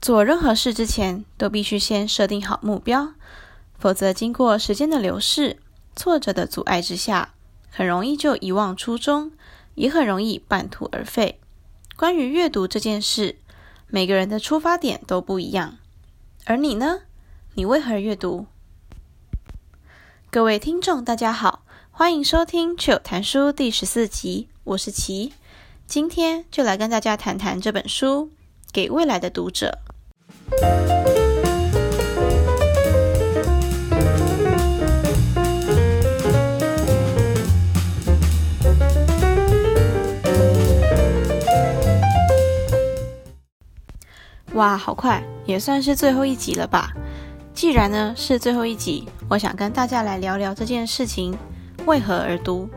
做任何事之前，都必須先設定好目標，否則經過時間的流逝、挫折的阻礙之下，很容易就遺忘初衷，也很容易半途而廢。關於閱讀這件事，每個人的出發點都不一樣，而你呢？你為何閱讀？各位聽眾，大家好，歡迎收聽《趣友談書》第十四集，我是琪。今天就來跟大家談談這本書《給未來的讀者》。哇，好快，也算是最後一集了吧。既然呢是最後一集，我想跟大家來聊聊這件事情，為何而讀。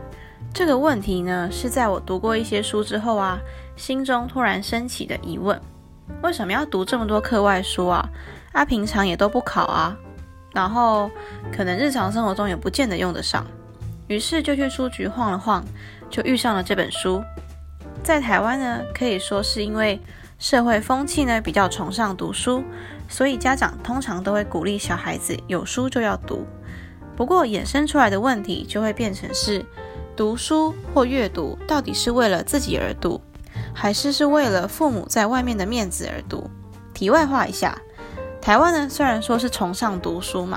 這個問題呢，是在我讀過一些書之後啊，心中突然升起的疑問。為什麼要讀這麼多課外書啊？啊，平常也都不考啊，然後可能日常生活中也不見得用得上，於是就去書局晃了晃，就遇上了這本書。在台灣呢，可以說是因為社會風氣呢比較崇尚讀書，所以家長通常都會鼓勵小孩子有書就要讀。不過衍生出來的問題就會變成是，讀書或閱讀到底是為了自己而讀？還是是為了父母在外面的面子而讀。題外話一下，台灣呢，雖然說是崇尚讀書嘛，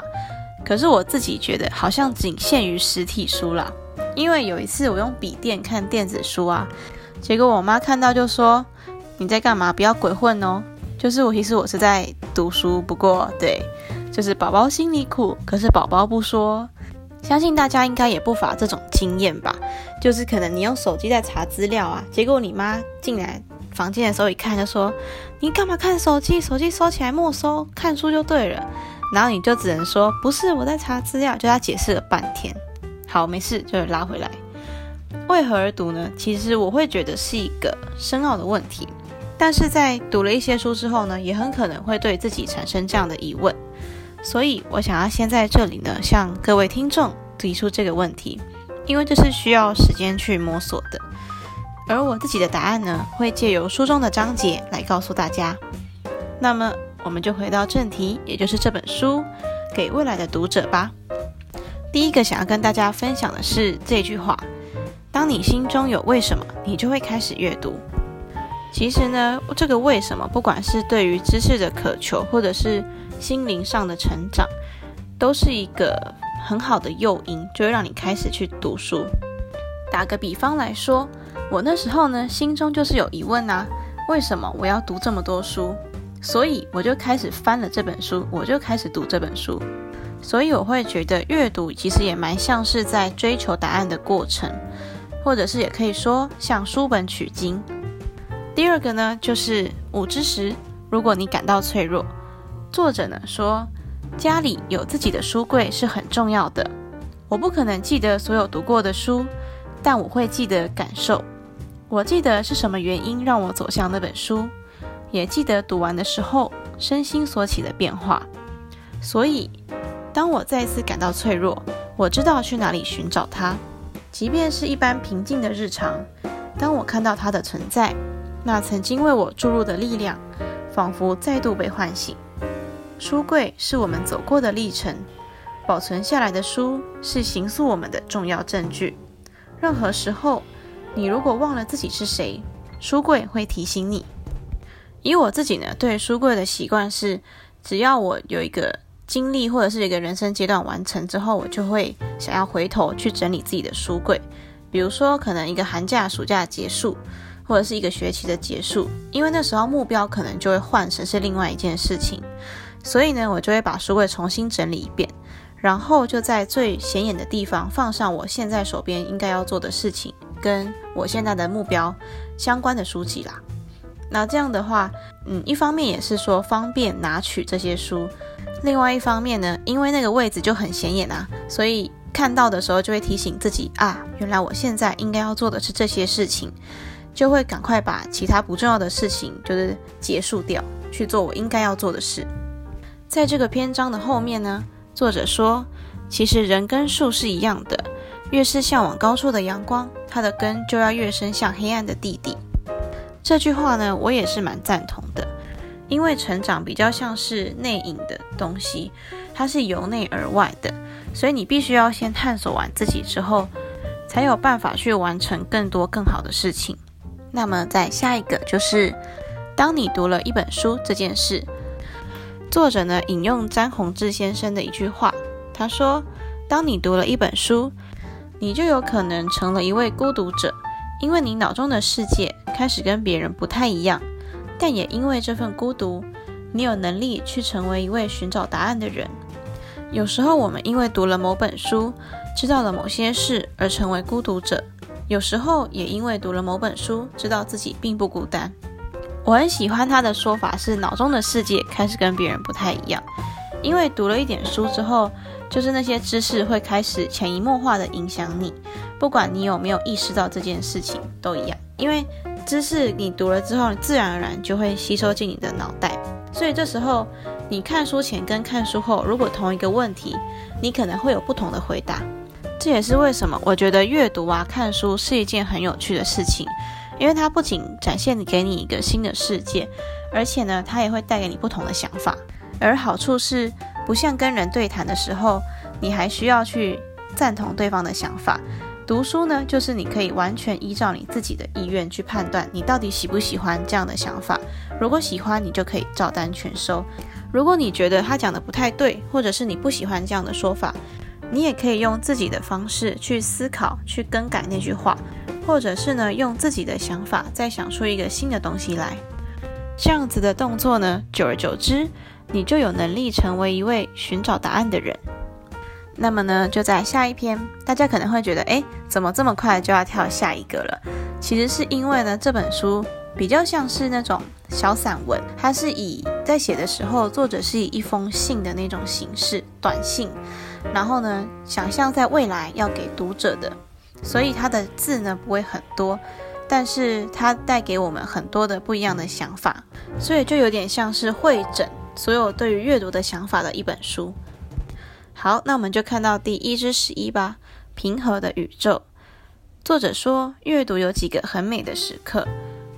可是我自己覺得好像僅限於實體書啦。因為有一次我用筆電看電子書啊，結果我媽看到就說：“你在幹嘛？不要鬼混哦！”就是我其實我是在讀書，不過，對，就是寶寶心裡苦，可是寶寶不說。相信大家應該也不乏這種經驗吧，就是可能你用手機在查資料啊，結果你媽進來房間的時候一看就說：“你幹嘛看手機？手機收起來沒收？看書就對了。”然後你就只能說：“不是，我在查資料。”就她解釋了半天。好，沒事，就拉回來。為何而讀呢？其實我會覺得是一個深奧的問題，但是在讀了一些書之後呢，也很可能會對自己產生這樣的疑問。所以，我想要先在這裡呢，向各位聽眾提出這個問題，因為這是需要時間去摸索的。而我自己的答案呢，會借由書中的章節來告訴大家。那麼，我們就回到正題，也就是這本書給未來的讀者吧。第一個想要跟大家分享的是這句話：當你心中有為什麼，你就會開始閱讀。其實呢，這個為什麼，不管是對於知識的渴求，或者是……心靈上的成長，都是一個很好的誘因，就會讓你開始去讀書。打個比方來說，我那時候呢，心中就是有疑問啊，為什麼我要讀這麼多書？所以我就開始翻了這本書，我就開始讀這本書。所以我會覺得閱讀其實也蠻像是在追求答案的過程，或者是也可以說向書本取經。第二個呢，就是無知時，如果你感到脆弱。作者呢說，家裡有自己的書櫃是很重要的。我不可能記得所有讀過的書，但我會記得感受。我記得是什麼原因讓我走向那本書，也記得讀完的時候身心所起的變化。所以，當我再次感到脆弱，我知道去哪裡尋找它。即便是一般平靜的日常，當我看到它的存在，那曾經為我注入的力量，仿佛再度被喚醒。書櫃是我們走過的歷程，保存下來的書是形塑我們的重要證據。任何時候，你如果忘了自己是誰，書櫃會提醒你。以我自己呢，對書櫃的習慣是，只要我有一個經歷或者是一個人生階段完成之後，我就會想要回頭去整理自己的書櫃。比如說，可能一個寒假、暑假結束，或者是一個學期的結束，因為那時候目標可能就會換成是另外一件事情。所以呢，我就會把書櫃重新整理一遍，然後就在最顯眼的地方放上我現在手邊應該要做的事情，跟我現在的目標相關的書籍啦。那這樣的話，嗯，一方面也是說方便拿取這些書，另外一方面呢，因為那個位置就很顯眼啊，所以看到的時候就會提醒自己啊，原來我現在應該要做的是這些事情，就會趕快把其他不重要的事情就是結束掉，去做我應該要做的事。在這個篇章的後面呢，作者說，其實人跟樹是一樣的，越是向往高處的陽光，它的根就要越伸向黑暗的地底。這句話呢，我也是蠻贊同的，因為成長比較像是內隱的東西，它是由內而外的，所以你必須要先探索完自己之後，才有辦法去完成更多更好的事情。那麼在下一個就是，當你讀了一本書這件事。作者呢，引用詹宏志先生的一句話，他說：“當你讀了一本書，你就有可能成了一位孤獨者，因為你腦中的世界開始跟別人不太一樣。但也因為這份孤獨，你有能力去成為一位尋找答案的人。有時候我們因為讀了某本書，知道了某些事而成為孤獨者；有時候也因為讀了某本書，知道自己並不孤單。”我很喜歡他的說法，是腦中的世界開始跟別人不太一樣，因為讀了一點書之後，就是那些知識會開始潛移默化的影響你，不管你有沒有意識到這件事情都一樣，因為知識你讀了之後，自然而然就會吸收進你的腦袋，所以這時候你看書前跟看書後，如果同一個問題，你可能會有不同的回答，這也是為什麼我覺得閱讀啊，看書是一件很有趣的事情。因為它不僅展現給你一個新的世界，而且呢，它也會帶給你不同的想法。而好處是，不像跟人對談的時候，你還需要去贊同對方的想法。讀書呢，就是你可以完全依照你自己的意願去判斷，你到底喜不喜歡這樣的想法。如果喜歡，你就可以照單全收；如果你覺得他講的不太對，或者是你不喜歡這樣的說法，你也可以用自己的方式去思考，去更改那句話，或者是呢，用自己的想法再想出一個新的東西來。這樣子的動作呢，久而久之，你就有能力成為一位尋找答案的人。那麼呢，就在下一篇，大家可能會覺得，哎，怎麼這麼快就要跳下一個了？其實是因為呢，這本書比較像是那種小散文，它是以在寫的時候，作者是以一封信的那種形式，短信。然後呢，想象在未來要給讀者的，所以它的字呢，不會很多，但是它帶給我們很多的不一樣的想法，所以就有點像是彙整所有對於閱讀的想法的一本書。好，那我們就看到第一至十一吧。平和的宇宙，作者說，閱讀有幾個很美的時刻，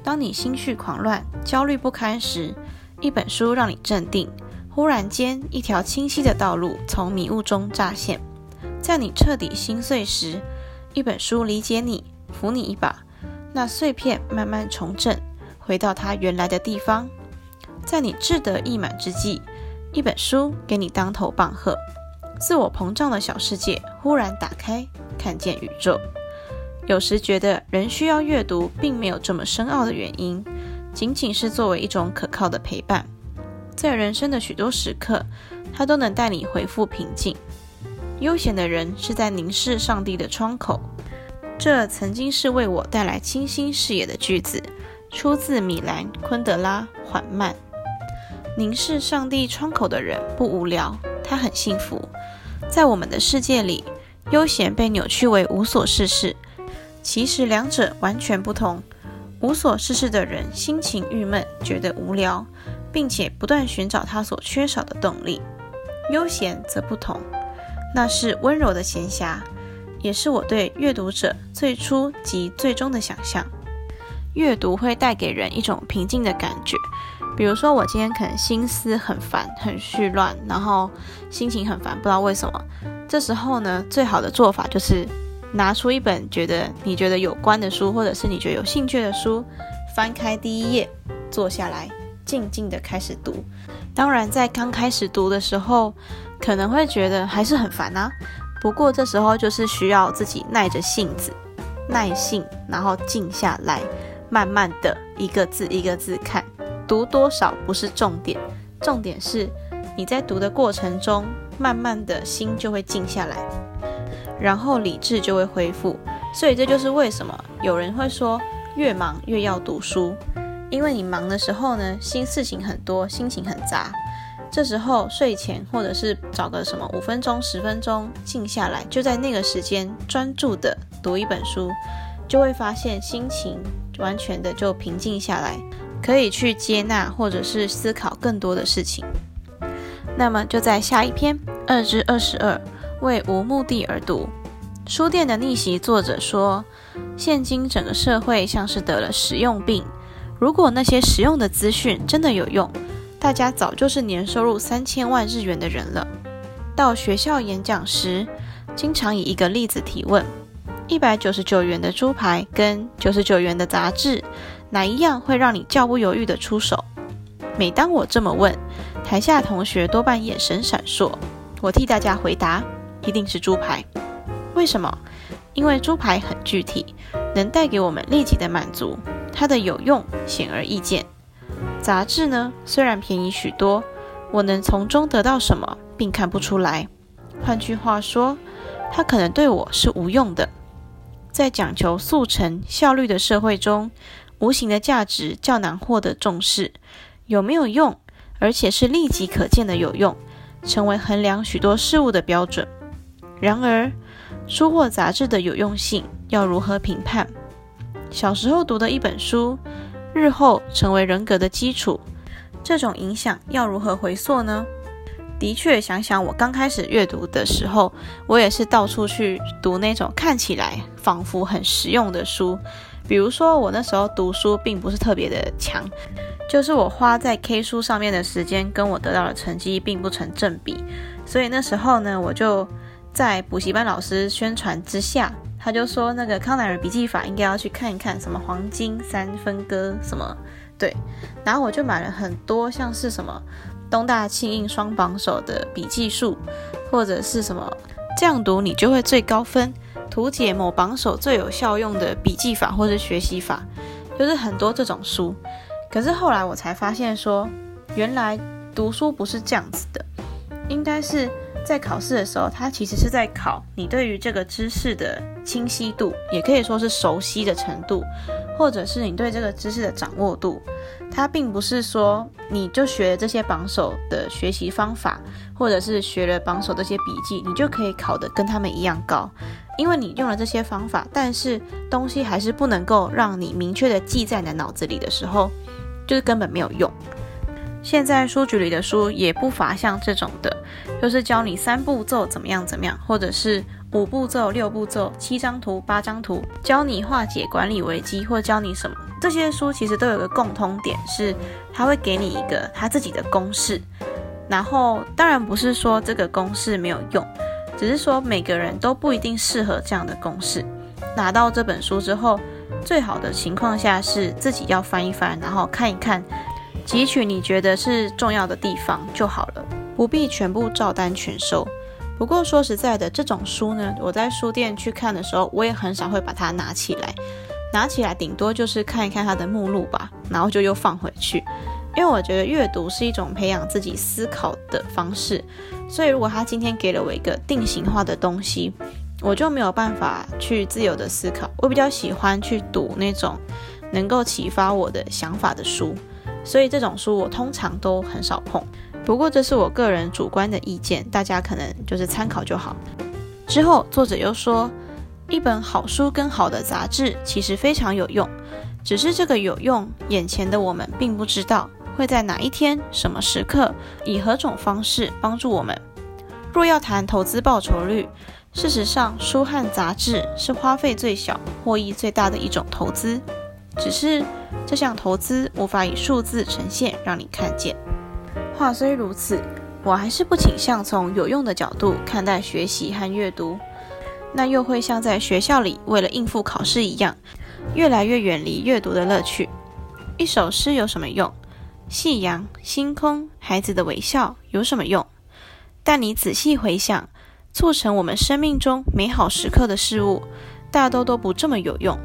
當你心緒狂亂、焦慮不堪時，一本書讓你鎮定。忽然間，一條清晰的道路從迷霧中乍現。在你徹底心碎時，一本書理解你，扶你一把；那碎片慢慢重振，回到它原來的地方。在你志得意滿之際，一本書給你當頭棒喝。自我膨脹的小世界忽然打開，看見宇宙。有時覺得人需要閱讀，並沒有這麼深奧的原因，僅僅是作為一種可靠的陪伴。在人生的許多時刻，他都能帶你恢復平靜。悠閒的人是在凝視上帝的窗口。這曾經是為我帶來清新視野的句子，出自米蘭·昆德拉《緩慢》。凝視上帝窗口的人不無聊，他很幸福。在我們的世界裡，悠閒被扭曲為無所事事。其實兩者完全不同。無所事事的人心情鬱悶，覺得無聊。並且不斷尋找他所缺少的動力。悠閒則不同，那是溫柔的閒暇，也是我對閱讀者最初及最終的想象。閱讀會帶給人一種平靜的感覺。比如說，我今天可能心思很煩，很絮亂，然後心情很煩，不知道為什麼。這時候呢，最好的做法就是拿出一本覺得你覺得有關的書，或者是你覺得有興趣的書，翻開第一頁，坐下來。靜靜的開始讀，當然在剛開始讀的時候，可能會覺得還是很煩啊。不過這時候就是需要自己耐着性子、耐性，然後靜下來，慢慢的一個字一個字看。讀多少不是重點，重點是你在讀的過程中，慢慢的心就會靜下來，然後理智就會恢復。所以這就是為什麼有人會說，越忙越要讀書。因為你忙的時候呢，心事情很多，心情很雜。這時候睡前，或者是找個什麼五分鐘、十分鐘，靜下來，就在那個時間專注的讀一本書，就會發現心情完全的就平靜下來，可以去接納或者是思考更多的事情。那麼就在下一篇二之二十二，2> 2 22, 為無目的而讀。書店的逆襲，作者說，現今整個社會像是得了實用病。如果那些實用的資訊真的有用，大家早就是年收入三千萬日元的人了。到學校演講時，經常以一個例子提問：一百九十九元的豬排跟九十九元的雜誌，哪一樣會讓你毫不猶豫地出手？每當我這麼問，台下同學多半眼神閃爍。我替大家回答：一定是豬排。為什麼？因為豬排很具體，能帶給我們立即的滿足。它的有用顯而易見，雜誌呢，雖然便宜許多，我能從中得到什麼並看不出來。換句話說，它可能對我是無用的。在講求速成效率的社會中，無形的價值較難獲得重視。有沒有用，而且是立即可見的有用，成為衡量許多事物的標準。然而，書或雜誌的有用性要如何評判？小時候讀的一本書，日後成為人格的基礎，這種影響要如何回溯呢？的確，想想我剛開始閱讀的時候，我也是到處去讀那種看起來仿佛很實用的書。比如說，我那時候讀書並不是特別的強，就是我花在 K 書上面的時間跟我得到的成績並不成正比。所以那時候呢，我就在補習班老師宣傳之下。他就說那個康奈爾筆記法，應該要去看一看什麼黃金三分割，什麼對。然後我就買了很多像是什麼東大慶應雙榜首的筆記術，或者是什麼這樣讀你就會最高分、圖解某榜首最有效用的筆記法，或者是學習法，就是很多這種書。可是後來我才發現說，原來讀書不是這樣子的，應該是。在考試的時候，它其實是在考你對於這個知識的清晰度，也可以說是熟悉的程度，或者是你對這個知識的掌握度。它並不是說你就學了這些榜首的學習方法，或者是學了榜首這些筆記，你就可以考得跟他們一樣高。因為你用了這些方法，但是東西還是不能夠讓你明確地記在你的腦子裡的時候，就是根本沒有用。現在書局裡的書也不乏像這種的，就是教你三步驟怎麼樣怎麼樣，或者是五步驟、六步驟、七張圖、八張圖，教你化解管理危機或教你什麼。這些書其實都有個共通點，是他會給你一個他自己的公式。然後當然不是說這個公式沒有用，只是說每個人都不一定適合這樣的公式。拿到這本書之後，最好的情況下是自己要翻一翻，然後看一看。汲取你覺得是重要的地方就好了，不必全部照單全收。不過說實在的，這種書呢，我在書店去看的時候，我也很少會把它拿起來，拿起來頂多就是看一看它的目錄吧，然後就又放回去。因為我覺得閱讀是一種培養自己思考的方式，所以如果他今天給了我一個定型化的東西，我就沒有辦法去自由的思考。我比較喜歡去讀那種能夠啟發我的想法的書。所以這種書我通常都很少碰，不過這是我個人主觀的意見，大家可能就是參考就好。之後作者又說，一本好書跟好的雜誌其實非常有用，只是這個有用，眼前的我們並不知道會在哪一天、什麼時刻、以何種方式幫助我們。若要談投資報酬率，事實上書和雜誌是花費最小、獲益最大的一種投資。只是這項投資無法以數字呈現，讓你看見。話雖如此，我還是不傾向從有用的角度看待學習和閱讀。那又會像在學校裡為了應付考試一樣，越來越遠離閱讀的樂趣。一首詩有什麼用？夕陽、星空、孩子的微笑有什麼用？但你仔細回想，促成我們生命中美好時刻的事物，大多都不這麼有用。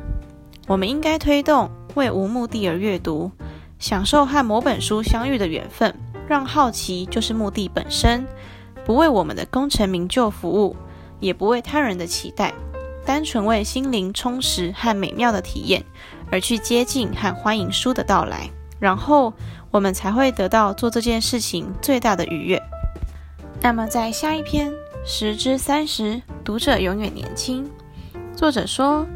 我們應該推動為無目的而閱讀，享受和某本書相遇的緣分，讓好奇就是目的本身，不為我們的功成名就服務，也不為他人的期待，單純為心靈充實和美妙的體驗而去接近和歡迎書的到來，然後我們才會得到做這件事情最大的愉悅。那麼，在下一篇《十之三十》，讀者永遠年輕。作者說。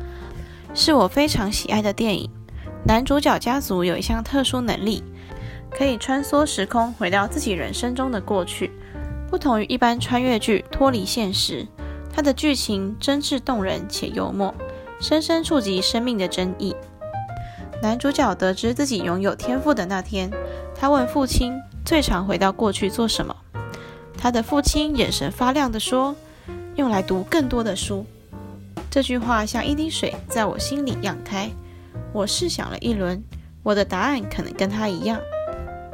是我非常喜愛的電影。男主角家族有一項特殊能力，可以穿梭時空，回到自己人生中的過去。不同於一般穿越劇脫離現實，它的劇情真摯動人且幽默，深深觸及生命的真意。男主角得知自己擁有天賦的那天，他問父親最常回到過去做什麼。他的父親眼神發亮地說：“用來讀更多的書。”這句話像一滴水，在我心裡漾開。我試想了一輪，我的答案可能跟他一樣。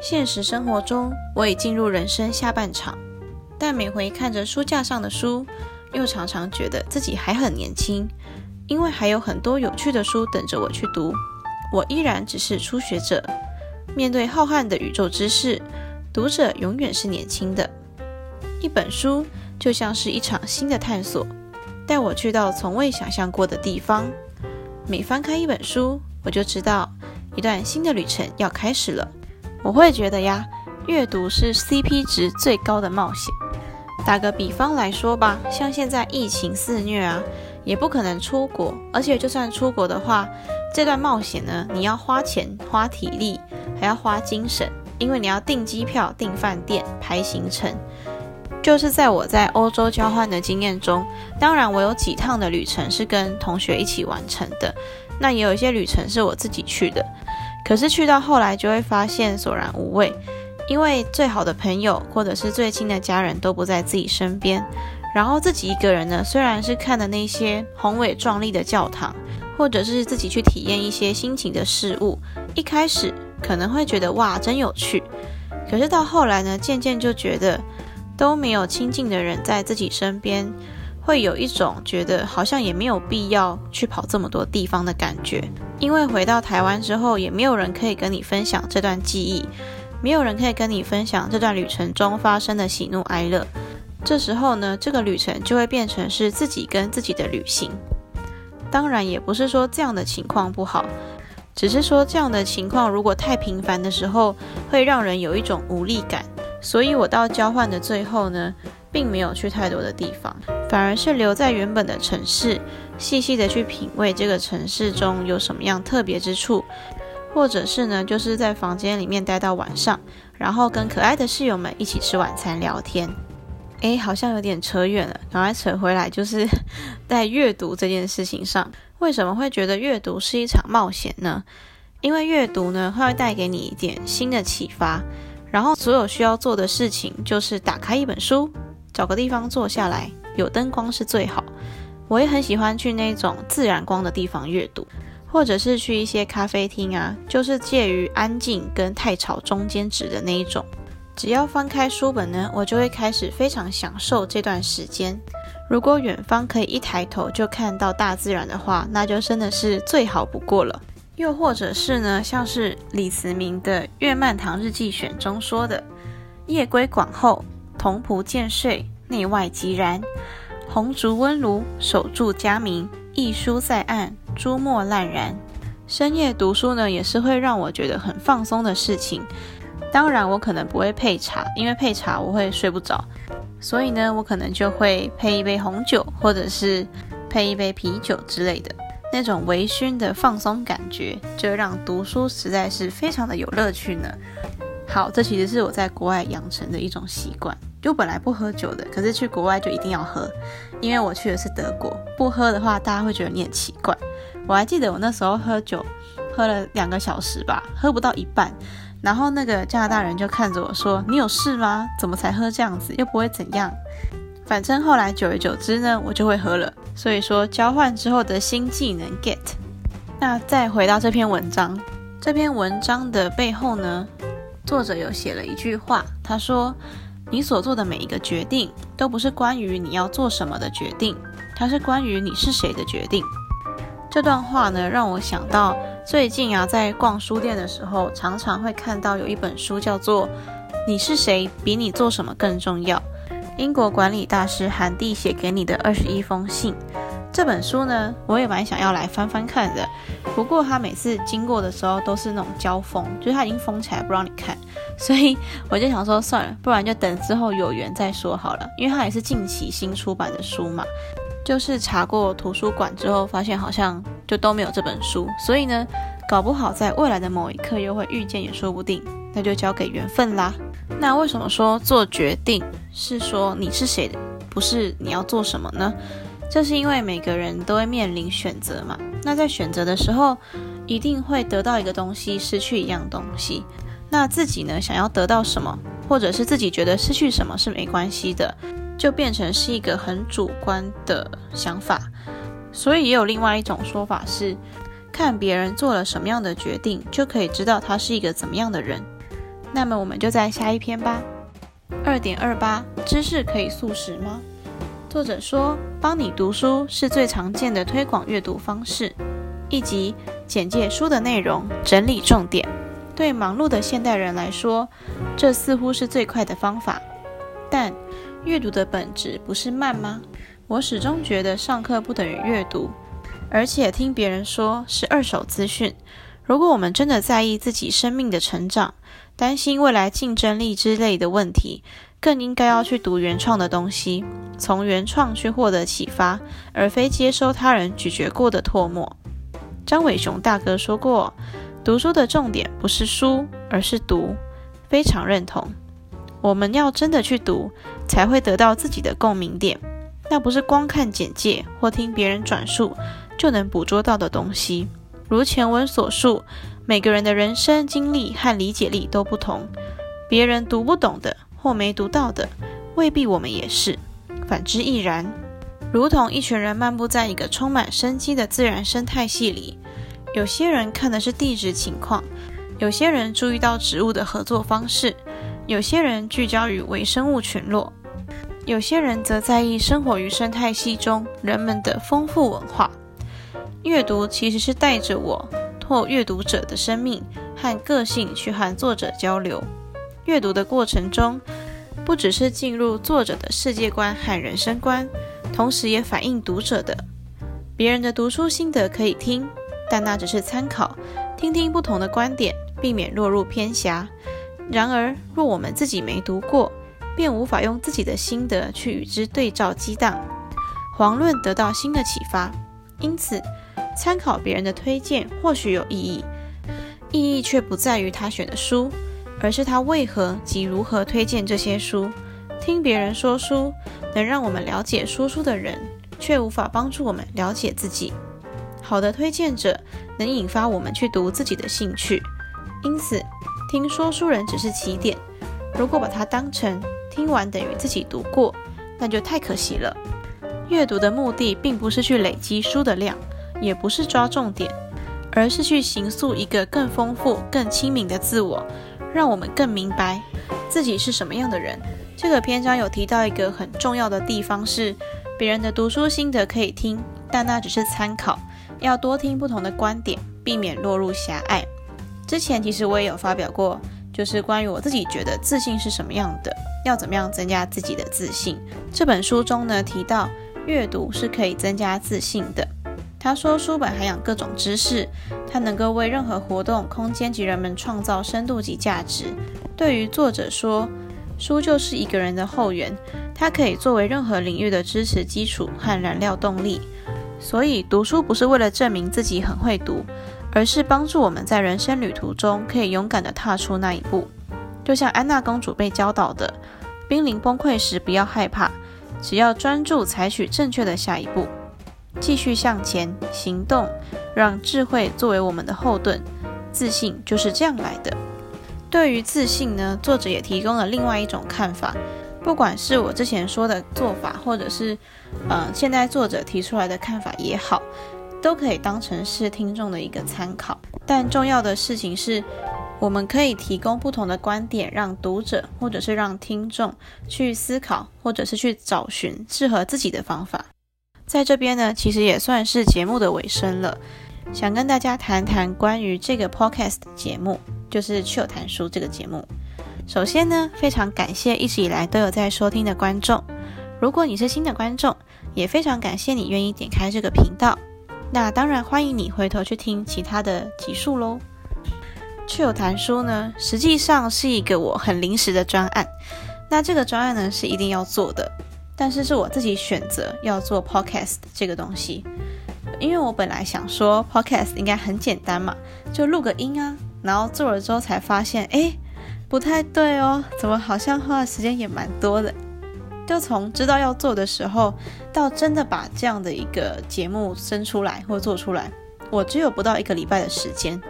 現實生活中，我已進入人生下半場，但每回看着書架上的書，又常常覺得自己還很年輕，因為還有很多有趣的書等着我去讀。我依然只是初學者，面對浩瀚的宇宙知識，讀者永遠是年輕的。一本書就像是一場新的探索。帶我去到從未想象過的地方。每翻開一本書，我就知道一段新的旅程要開始了。我會覺得呀，閱讀是 CP 值最高的冒險。打個比方來說吧，像現在疫情肆虐啊，也不可能出國。而且就算出國的話，這段冒險呢，你要花錢、花體力，還要花精神，因為你要訂機票、訂飯店、排行程。就是在我在歐洲交換的經驗中，當然我有幾趟的旅程是跟同學一起完成的，那也有一些旅程是我自己去的。可是去到後來就會發現索然無味，因為最好的朋友或者是最親的家人都不在自己身邊，然後自己一個人呢，雖然是看的那些宏偉壯麗的教堂，或者是自己去體驗一些新奇的事物，一開始可能會覺得哇，真有趣，可是到後來呢，漸漸就覺得。都沒有親近的人在自己身邊，會有一種覺得好像也沒有必要去跑這麼多地方的感覺。因為回到台灣之後，也沒有人可以跟你分享這段記憶，沒有人可以跟你分享這段旅程中發生的喜怒哀樂。這時候呢，這個旅程就會變成是自己跟自己的旅行。當然，也不是說這樣的情況不好，只是說這樣的情況如果太頻繁的時候，會讓人有一種無力感。所以，我到交換的最後呢，並沒有去太多的地方，反而是留在原本的城市，細細的去品味這個城市中有什麼樣特別之處，或者是呢，就是在房間裡面待到晚上，然後跟可愛的室友們一起吃晚餐聊天。誒、欸，好像有點扯遠了，趕快扯回來，就是 在閱讀這件事情上，為什麼會覺得閱讀是一場冒險呢？因為閱讀呢，會帶給你一點新的啟發。然後所有需要做的事情就是打開一本書，找個地方坐下來，有燈光是最好。我也很喜歡去那種自然光的地方閱讀，或者是去一些咖啡廳啊，就是介於安靜跟太吵中間值的那一種。只要翻開書本呢，我就會開始非常享受這段時間。如果遠方可以一抬頭就看到大自然的話，那就真的是最好不過了。又或者是呢，像是李慈銘的《越縵堂日記選》中說的：“夜歸館後，童僕漸睡，內外即然，紅燭溫爐，守住家明，一書在案，朱墨爛然。”深夜讀書呢，也是會讓我覺得很放鬆的事情。當然，我可能不會配茶，因為配茶我會睡不着，所以呢，我可能就會配一杯紅酒，或者是配一杯啤酒之類的。那種微醺的放鬆感覺，就讓讀書實在是非常的有樂趣呢。好，這其實是我在國外養成的一種習慣。就本來不喝酒的，可是去國外就一定要喝，因為我去的是德國，不喝的話大家會覺得你很奇怪。我還記得我那時候喝酒喝了兩個小時吧，喝不到一半，然後那個加拿大人就看着我說：“你有事嗎？怎麼才喝這樣子？又不會怎樣。”反正後來久而久之呢，我就會喝了。所以說，交換之後的新技能 get。那再回到這篇文章，這篇文章的背後呢，作者有寫了一句話，他說：“你所做的每一個決定，都不是關於你要做什麼的決定，它是關於你是誰的決定。”這段話呢，讓我想到最近啊，在逛書店的時候，常常會看到有一本書叫做《你是誰，比你做什麼更重要》。英國管理大師韓第寫給你的二十一封信，這本書呢，我也蠻想要來翻翻看的。不過他每次經過的時候都是那種膠封，就是他已經封起來不讓你看，所以我就想說算了，不然就等之後有緣再說好了。因為他也是近期新出版的書嘛，就是查過圖書館之後發現好像就都沒有這本書，所以呢，搞不好在未來的某一刻又會遇見也說不定。那就交給緣分啦。那為什麼說做決定是說你是誰的，不是你要做什麼呢？這是因為每個人都會面臨選擇嘛。那在選擇的時候，一定會得到一個東西，失去一樣東西。那自己呢，想要得到什麼，或者是自己覺得失去什麼是沒關係的，就變成是一個很主觀的想法。所以也有另外一種說法是，看別人做了什麼樣的決定，就可以知道他是一個怎麼樣的人。那麼我們就在下一篇吧。二點二八，知識可以速食嗎？作者說，幫你讀書是最常見的推廣閱讀方式，以及簡介書的內容，整理重點。對忙碌的現代人來說，這似乎是最快的方法。但閱讀的本質不是慢嗎？我始終覺得上課不等於閱讀，而且聽別人說是二手資訊。如果我們真的在意自己生命的成長，擔心未來競爭力之類的問題，更應該要去讀原創的東西，從原創去獲得啟發，而非接收他人咀嚼過的唾沫。張偉雄大哥說過：“讀書的重點不是書，而是讀。”非常認同。我們要真的去讀，才會得到自己的共鳴點。那不是光看簡介或聽別人轉述就能捕捉到的東西。如前文所述，每個人的人生經歷和理解力都不同，別人讀不懂的或沒讀到的，未必我們也是。反之亦然。如同一群人漫步在一個充滿生機的自然生態系裡，有些人看的是地質情況，有些人注意到植物的合作方式，有些人聚焦於微生物群落，有些人則在意生活於生態系中人們的豐富文化。閱讀其實是帶着我或閱讀者的生命和個性去和作者交流。閱讀的過程中，不只是進入作者的世界觀和人生觀，同時也反映讀者的。別人的讀書心得可以聽，但那只是參考，聽聽不同的觀點，避免落入偏狹。然而，若我們自己沒讀過，便無法用自己的心得去與之對照激盪，遑論得到新的啟發。因此。參考別人的推薦或許有意義，意義卻不在於他選的書，而是他為何及如何推薦這些書。聽別人說書能讓我們了解說書的人，卻無法幫助我們了解自己。好的推薦者能引發我們去讀自己的興趣，因此聽說書人只是起點。如果把它當成聽完等於自己讀過，那就太可惜了。閱讀的目的並不是去累積書的量，也不是抓重點，而是去形塑一個更豐富、更清明的自我，讓我們更明白自己是什麼樣的人。這個篇章有提到一個很重要的地方是，別人的讀書心得可以聽，但那只是參考，要多聽不同的觀點，避免落入狹隘。之前其實我也有發表過，就是關於我自己覺得自信是什麼樣的，要怎麼樣增加自己的自信。這本書中呢提到，閱讀是可以增加自信的。他說：“書本涵養各種知識，它能夠為任何活動、空間及人們創造深度及價值。”對於作者說，書就是一個人的後援，它可以作為任何領域的支持基礎和燃料動力。所以，讀書不是為了證明自己很會讀，而是幫助我們在人生旅途中可以勇敢地踏出那一步。就像安娜公主被教導的：“瀕臨崩潰時不要害怕，只要專注採取正確的下一步。”繼續向前行動，讓智慧作為我們的後盾，自信就是這樣來的。對於自信呢，作者也提供了另外一種看法，不管是我之前說的做法，或者是，呃，現在作者提出來的看法也好，都可以當成是聽眾的一個參考。但重要的事情是，我們可以提供不同的觀點，讓讀者或者是讓聽眾去思考，或者是去找尋適合自己的方法。在這邊呢，其實也算是節目的尾聲了，想跟大家談談關於這個 podcast 節目，就是《趣有談書》這個節目。首先呢，非常感謝一直以來都有在收聽的觀眾，如果你是新的觀眾，也非常感謝你願意點開這個頻道。那當然歡迎你回頭去聽其他的集數嘍。《趣有談書》呢，實際上是一個我很臨時的專案，那這個專案呢，是一定要做的。但是是我自己選擇要做 podcast 這個東西，因為我本來想說 podcast 應該很簡單嘛，就錄個音啊，然後做了之後才發現，誒，不太對哦，怎麼好像花的時間也蠻多的？就從知道要做的時候，到真的把這樣的一個節目生出來或做出來，我只有不到一個禮拜的時間。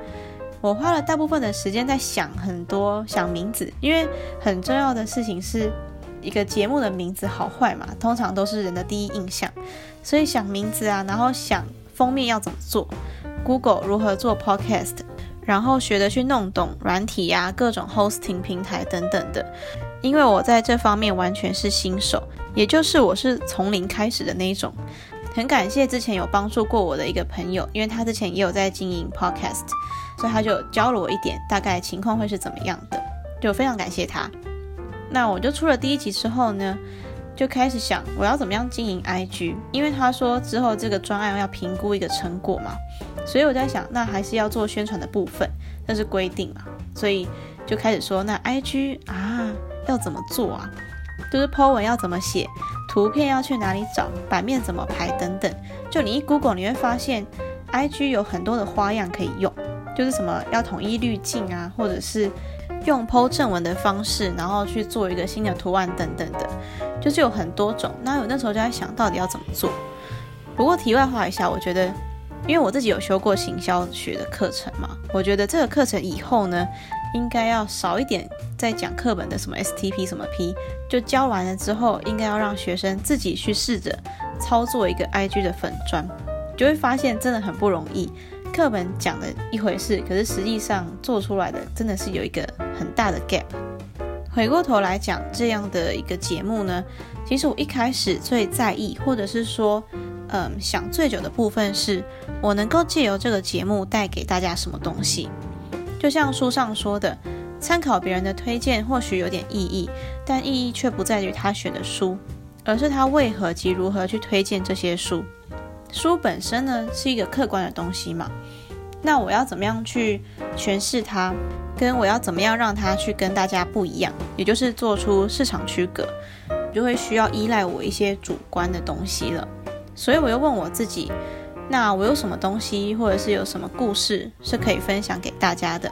我花了大部分的時間在想很多，想名字，因為很重要的事情是。一個節目的名字好壞嘛，通常都是人的第一印象，所以想名字啊，然後想封面要怎麼做，Google 如何做 Podcast，然後學着去弄懂軟體呀、啊、各種 Hosting 平台等等的。因為我在這方面完全是新手，也就是我是從零開始的那一種。很感謝之前有幫助過我的一個朋友，因為他之前也有在經營 Podcast，所以他就教了我一點大概情況會是怎麼樣的，就非常感謝他。那我就出了第一集之後呢，就開始想我要怎麼樣經營 IG，因為他說之後這個專案要評估一個成果嘛，所以我在想，那還是要做宣傳的部分，那是規定嘛，所以就開始說那 IG 啊要怎麼做啊，就是 po 文要怎麼寫，圖片要去哪裡找，版面怎麼排等等，就你一 Google 你會發現 IG 有很多的花樣可以用，就是什麼要統一濾鏡啊，或者是。用 po 正文的方式，然後去做一個新的圖案等等的，就是有很多種。那我那時候就在想，到底要怎麼做？不過題外話一下，我覺得，因為我自己有修過行銷學的課程嘛，我覺得這個課程以後呢，應該要少一點在講課本的什麼 S T P 什麼 P，就教完了之後，應該要讓學生自己去試着操作一個 I G 的粉專，就會發現真的很不容易。課本講的一回事，可是實際上做出來的真的是有一個很大的 gap。回過頭來講，這樣的一個節目呢，其實我一開始最在意，或者是說，嗯，想最久的部分是，我能夠借由這個節目帶給大家什麼東西。就像書上說的，參考別人的推薦或許有點意義，但意義卻不在於他選的書，而是他為何及如何去推薦這些書。書本身呢，是一個客觀的東西嘛，那我要怎麼樣去詮釋它，跟我要怎麼樣讓它去跟大家不一樣，也就是做出市場區隔，就會需要依賴我一些主觀的東西了。所以我又問我自己，那我有什麼東西或者是有什麼故事是可以分享給大家的？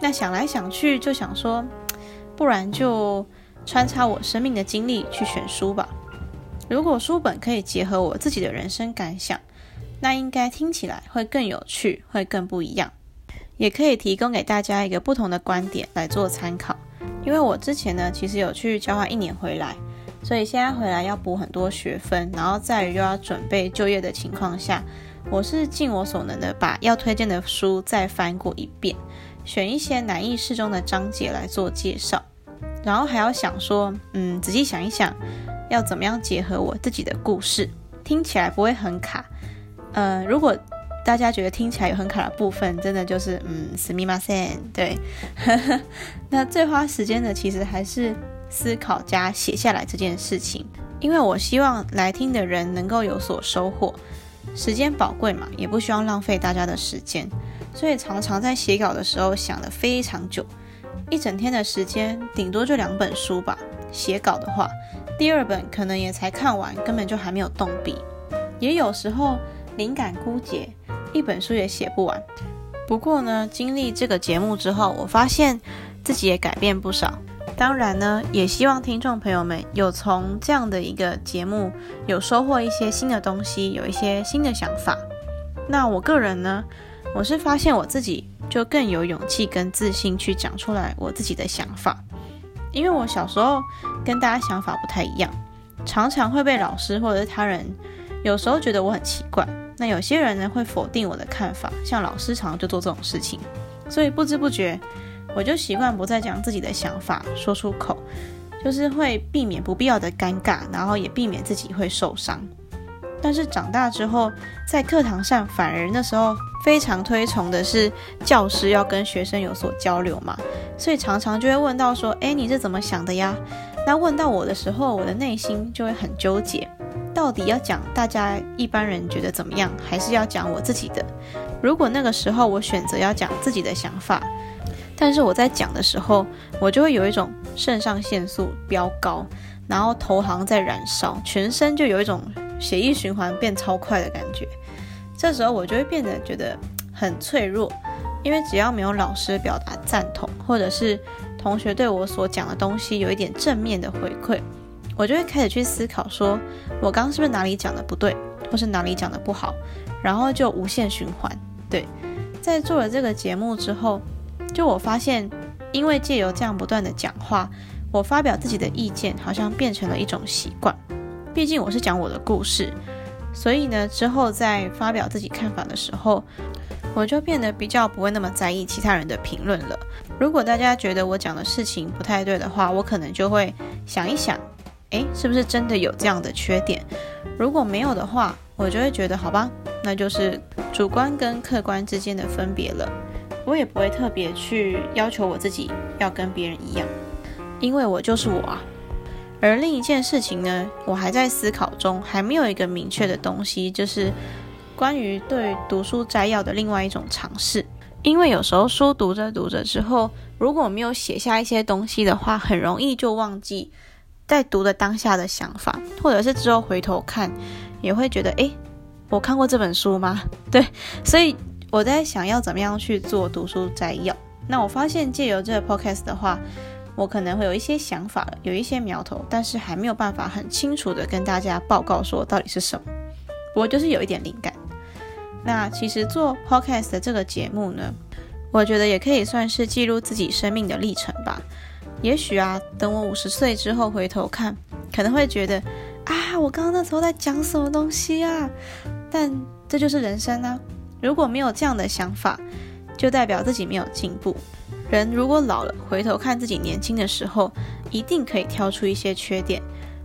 那想來想去就想說，不然就穿插我生命的經歷去選書吧。如果書本可以結合我自己的人生感想，那應該聽起來會更有趣，會更不一樣，也可以提供給大家一個不同的觀點來做參考。因為我之前呢，其實有去交換一年回來，所以現在回來要補很多學分，然後在於又要準備就業的情況下，我是盡我所能的把要推薦的書再翻過一遍，選一些難易適中的章節來做介紹，然後還要想說，嗯，仔細想一想。要怎麼樣結合我自己的故事，聽起來不會很卡。呃，如果大家覺得聽起來有很卡的部分，真的就是嗯，死命，對， 那最花時間的其實還是思考加寫下來這件事情，因為我希望來聽的人能夠有所收穫。時間寶貴嘛，也不需要浪費大家的時間，所以常常在寫稿的時候想得非常久，一整天的時間頂多就兩本書吧。寫稿的話。第二本可能也才看完，根本就還沒有動筆。也有時候靈感枯竭，一本書也寫不完。不過呢，經歷這個節目之後，我發現自己也改變不少。當然呢，也希望聽眾朋友們有從這樣的一個節目，有收穫一些新的東西，有一些新的想法。那我個人呢，我是發現我自己就更有勇氣跟自信去講出來我自己的想法。因為我小時候跟大家想法不太一樣，常常會被老師或者是他人，有時候覺得我很奇怪。那有些人呢，會否定我的看法，像老師常常就做這種事情，所以不知不覺我就習慣不再將自己的想法說出口，就是會避免不必要的尷尬，然後也避免自己會受傷。但是長大之後，在課堂上，反而那時候非常推崇的是教師要跟學生有所交流嘛，所以常常就會問到說：“哎，你是怎麼想的呀？”那問到我的時候，我的內心就會很糾結，到底要講大家一般人覺得怎麼樣，還是要講我自己的？如果那個時候我選擇要講自己的想法，但是我在講的時候，我就會有一種腎上腺素飆高，然後頭像在燃燒，全身就有一種。血液循環變超快的感覺，這時候我就會變得覺得很脆弱，因為只要沒有老師表達贊同，或者是同學對我所講的東西有一點正面的回饋，我就會開始去思考說，說我剛剛是不是哪裡講的不對，或是哪裡講的不好，然後就無限循環。對，在做了這個節目之後，就我發現，因為借由這樣不斷的講話，我發表自己的意見，好像變成了一種習慣。畢竟我是講我的故事，所以呢，之後在發表自己看法的時候，我就變得比較不會那麼在意其他人的評論了。如果大家覺得我講的事情不太對的話，我可能就會想一想，誒，是不是真的有這樣的缺點？如果沒有的話，我就會覺得好吧，那就是主觀跟客觀之間的分別了。我也不會特別去要求我自己要跟別人一樣，因為我就是我啊。而另一件事情呢，我還在思考中，還沒有一個明確的東西，就是關於對讀書摘要的另外一種嘗試。因為有時候書讀着讀着之後，如果沒有寫下一些東西的話，很容易就忘記在讀的當下的想法，或者是之後回頭看，也會覺得，誒，我看過這本書嗎？對，所以我在想要怎麼樣去做讀書摘要。那我發現借由這個 podcast 的話，我可能會有一些想法，有一些苗頭，但是還沒有辦法很清楚的跟大家報告說到底是什麼。不過就是有一點靈感。那其實做 podcast 這個節目呢，我覺得也可以算是記錄自己生命的歷程吧。也許啊，等我五十歲之後回頭看，可能會覺得啊，我剛剛那時候在講什麼東西啊？但這就是人生啊！如果沒有這樣的想法，就代表自己沒有進步。人如果老了，回頭看自己年輕的時候，一定可以挑出一些缺點，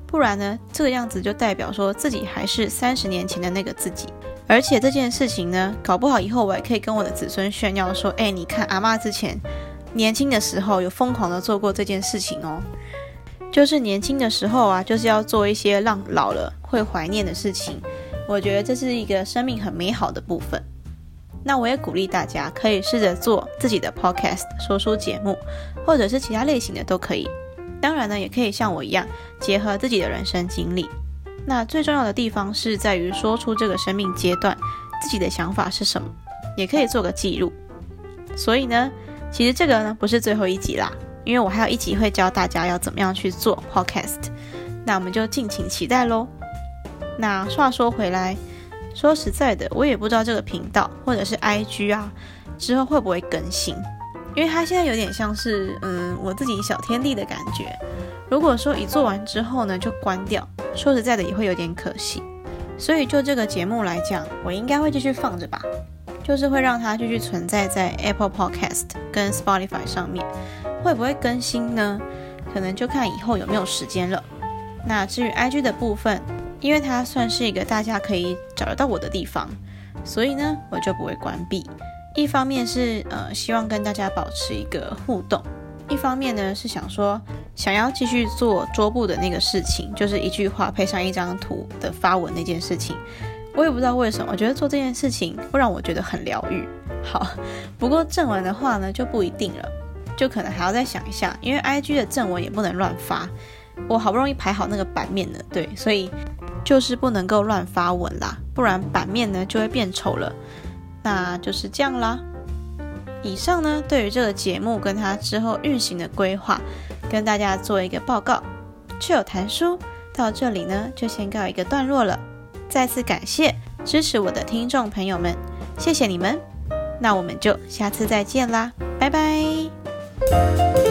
不然呢，這個樣子就代表說自己還是三十年前的那個自己。而且這件事情呢，搞不好以後我還可以跟我的子孫炫耀說：“哎，你看阿嬤之前年輕的時候，有瘋狂的做過這件事情哦。”就是年輕的時候啊，就是要做一些讓老了會懷念的事情。我覺得這是一個生命很美好的部分。那我也鼓勵大家可以試着做自己的 podcast 說書節目，或者是其他類型的都可以。當然呢，也可以像我一樣結合自己的人生經歷。那最重要的地方是在於說出這個生命階段自己的想法是什麼，也可以做個記錄。所以呢，其實這個呢不是最後一集啦，因為我還有一集會教大家要怎麼樣去做 podcast。那我們就敬請期待嘍。那話說回來。說實在的，我也不知道這個頻道或者是 IG 啊，之後會不會更新？因為它現在有點像是嗯，我自己小天地的感覺。如果說一做完之後呢，就關掉，說實在的也會有點可惜。所以就這個節目來講，我應該會繼續放着吧，就是會讓它繼續存在在 Apple Podcast 跟 Spotify 上面。會不會更新呢？可能就看以後有沒有時間了。那至於 IG 的部分。因為它算是一個大家可以找得到我的地方，所以呢，我就不會關閉。一方面是呃希望跟大家保持一個互動，一方面呢是想說想要繼續做桌布的那個事情，就是一句話配上一張圖的發文那件事情。我也不知道為什麼，我覺得做這件事情會讓我覺得很療癒。好，不過正文的話呢就不一定了，就可能還要再想一下，因為 IG 的正文也不能亂發。我好不容易排好那個版面的對，所以就是不能夠亂發文啦，不然版面呢就會變醜了。那就是這樣啦。以上呢，對於這個節目跟它之後運行的規劃，跟大家做一個報告。卻有談書到這裡呢，就先告一個段落了。再次感謝支持我的聽眾朋友們，謝謝你們。那我們就下次再見啦，拜拜。